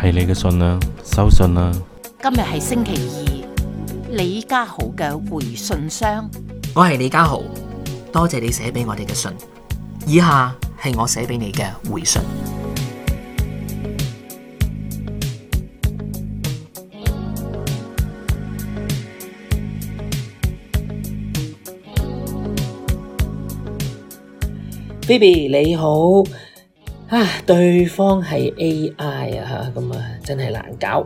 係你嘅信啦，收信啦。今日係星期二，李家豪嘅回信箱。我係李家豪，多謝你寫俾我哋嘅信。以下係我寫俾你嘅回信。Phoebe, 你好。啊！對方係 A.I. 啊，咁啊真係難搞。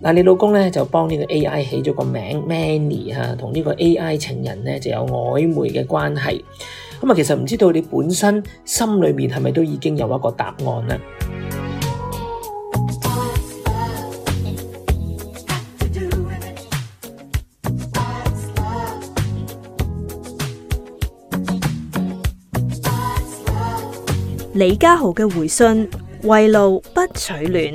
嗱，啊，你老公咧就幫呢個 A.I. 起咗個名 Manny 啊，同呢個 A.I. 情人咧就有曖昧嘅關係。咁啊，其實唔知道你本身心裏面係咪都已經有一個答案啦？李家豪嘅回信：為路不取暖。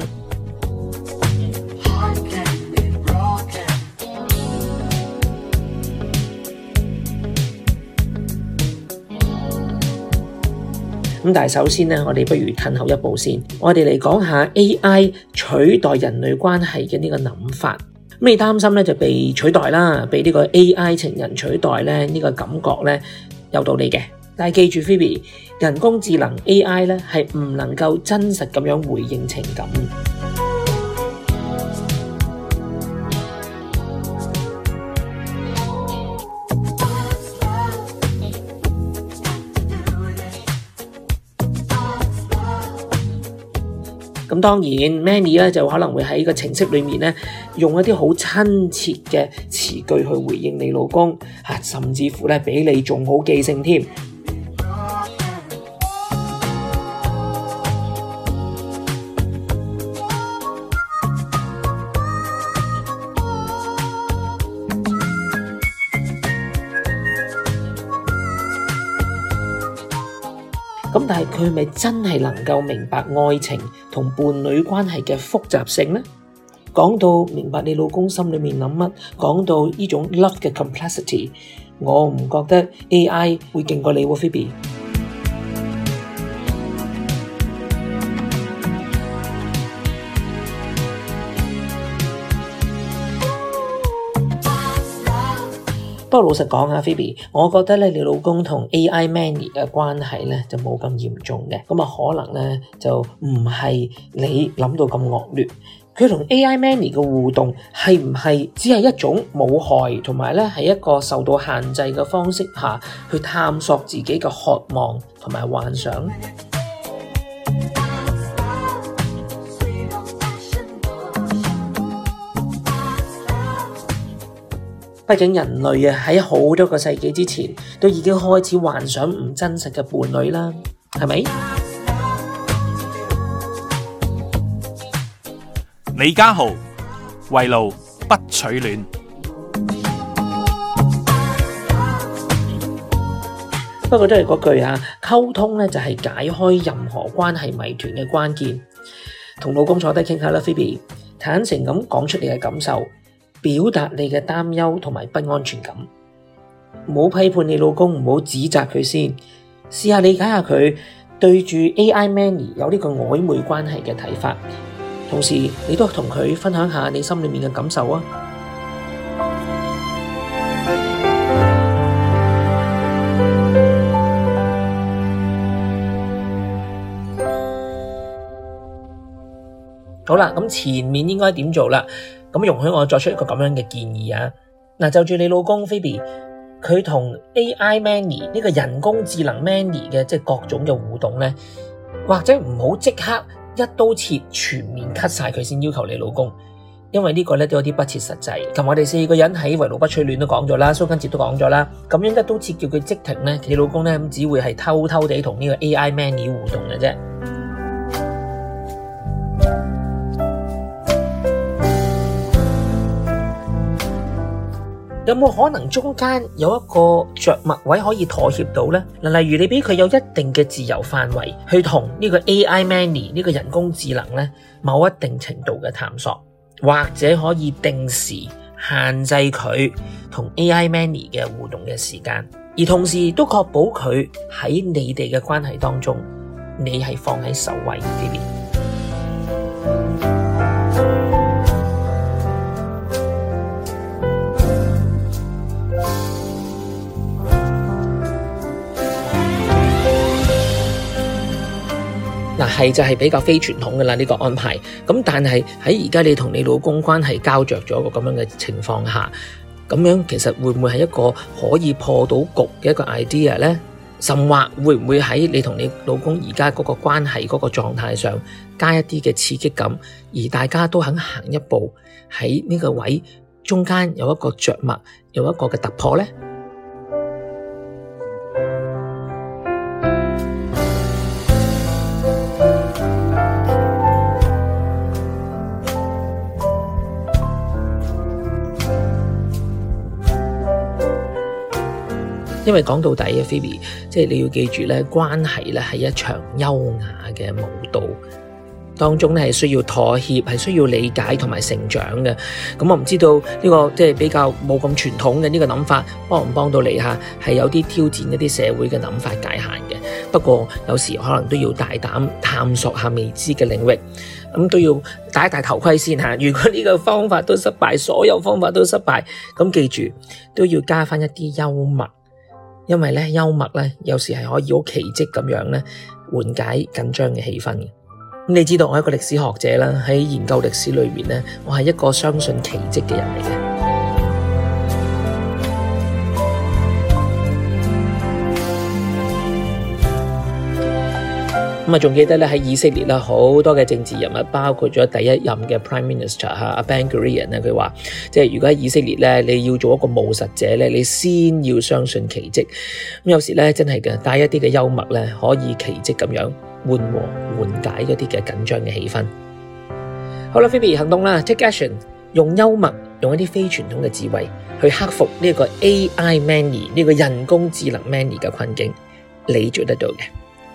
但首先咧，我哋不如退後一步先，我哋嚟講一下 A I 取代人類關係嘅呢個諗法。咁你擔心咧就被取代啦，被呢個 A I 情人取代咧，呢個感覺咧有道理嘅。但係記住，Phoebe，人工智能 AI 呢係唔能夠真實咁樣回應情感。咁當然，Manny 呢就可能會喺個程式裏面呢，用一啲好親切嘅詞句去回應你老公，啊，甚至乎呢比你仲好記性添。但係佢係咪真係能夠明白愛情同伴侶關係嘅複雜性呢？講到明白你老公心裏面諗乜，講到呢種 love 嘅 complexity，我唔覺得 AI 會勁過你喎，Phoebe。不過老實講啊，Phoebe，我覺得咧你老公同 AI Mani 嘅關係咧就冇咁嚴重嘅，咁啊可能咧就唔係你諗到咁惡劣。佢同 AI Mani 嘅互動係唔係只係一種冇害，同埋咧係一個受到限制嘅方式下去探索自己嘅渴望同埋幻想？畢竟人類啊喺好多個世紀之前都已經開始幻想唔真實嘅伴侶啦，係咪？李家豪，為路不取暖。不過都係嗰句啊，溝通咧就係解開任何關係謎團嘅關鍵。同老公坐低傾下啦，菲比，坦誠咁講出你嘅感受。表達你嘅擔憂同埋不安全感，唔好批判你老公，唔好指責佢先，試下理解下佢對住 A I Mani 有呢個曖昧關係嘅睇法，同時你都同佢分享下你心裏面嘅感受啊！嗯、好啦，咁前面應該點做啦？咁容許我作出一個咁樣嘅建議啊！嗱，就住你老公 Phoebe 佢同 AI Mani 呢個人工智能 Mani 嘅即係、就是、各種嘅互動呢，或者唔好即刻一刀切全面 cut 晒佢先，要求你老公，因為呢個呢都有啲不切實際。咁我哋四個人喺《圍爐不取暖》都講咗啦，蘇根哲都講咗啦，咁樣一刀切叫佢即停呢，你老公呢，咁只會係偷偷地同呢個 AI Mani 互動嘅啫。有冇可能中間有一個着墨位可以妥協到呢？嗱，例如你俾佢有一定嘅自由範圍去同呢個 AI Mani 呢個人工智能呢某一定程度嘅探索，或者可以定時限制佢同 AI Mani 嘅互動嘅時間，而同時都確保佢喺你哋嘅關係當中，你係放喺首位呢邊。係就係比較非傳統嘅啦，呢個安排。咁但係喺而家你同你老公關係膠着咗個咁樣嘅情況下，咁樣其實會唔會係一個可以破到局嘅一個 idea 呢？甚或會唔會喺你同你老公而家嗰個關係嗰個狀態上加一啲嘅刺激感，而大家都肯行一步喺呢個位中間有一個着墨，有一個嘅突破呢？因為講到底啊，Phoebe，即係你要記住咧，關係咧係一場優雅嘅舞蹈當中咧，係需要妥協，係需要理解同埋成長嘅。咁、嗯、我唔知道呢、這個即係、就是、比較冇咁傳統嘅呢個諗法，幫唔幫到你下，係有啲挑戰一啲社會嘅諗法界限嘅。不過有時可能都要大膽探索下未知嘅領域，咁、嗯、都要戴一戴頭盔先下，如果呢個方法都失敗，所有方法都失敗，咁、嗯、記住都要加翻一啲幽默。因為幽默呢，有時係可以好奇跡咁樣呢，緩解緊張嘅氣氛。咁你知道我係一個歷史學者啦，喺研究歷史裏面呢，我係一個相信奇跡嘅人嚟嘅。咁啊，仲記得咧喺以色列啦，好多嘅政治人物，包括咗第一任嘅 Prime Minister 哈 Ben-Gurion 咧，佢話即係如果喺以色列咧，你要做一個務實者咧，你先要相信奇蹟。咁有時咧真係嘅，帶一啲嘅幽默咧，可以奇蹟咁樣緩和緩解一啲嘅緊張嘅氣氛。好啦，Phoebe 行動啦，Take action！用幽默，用一啲非傳統嘅智慧去克服呢個 AI Mani 呢個人工智能 Mani 嘅困境，你做得到嘅。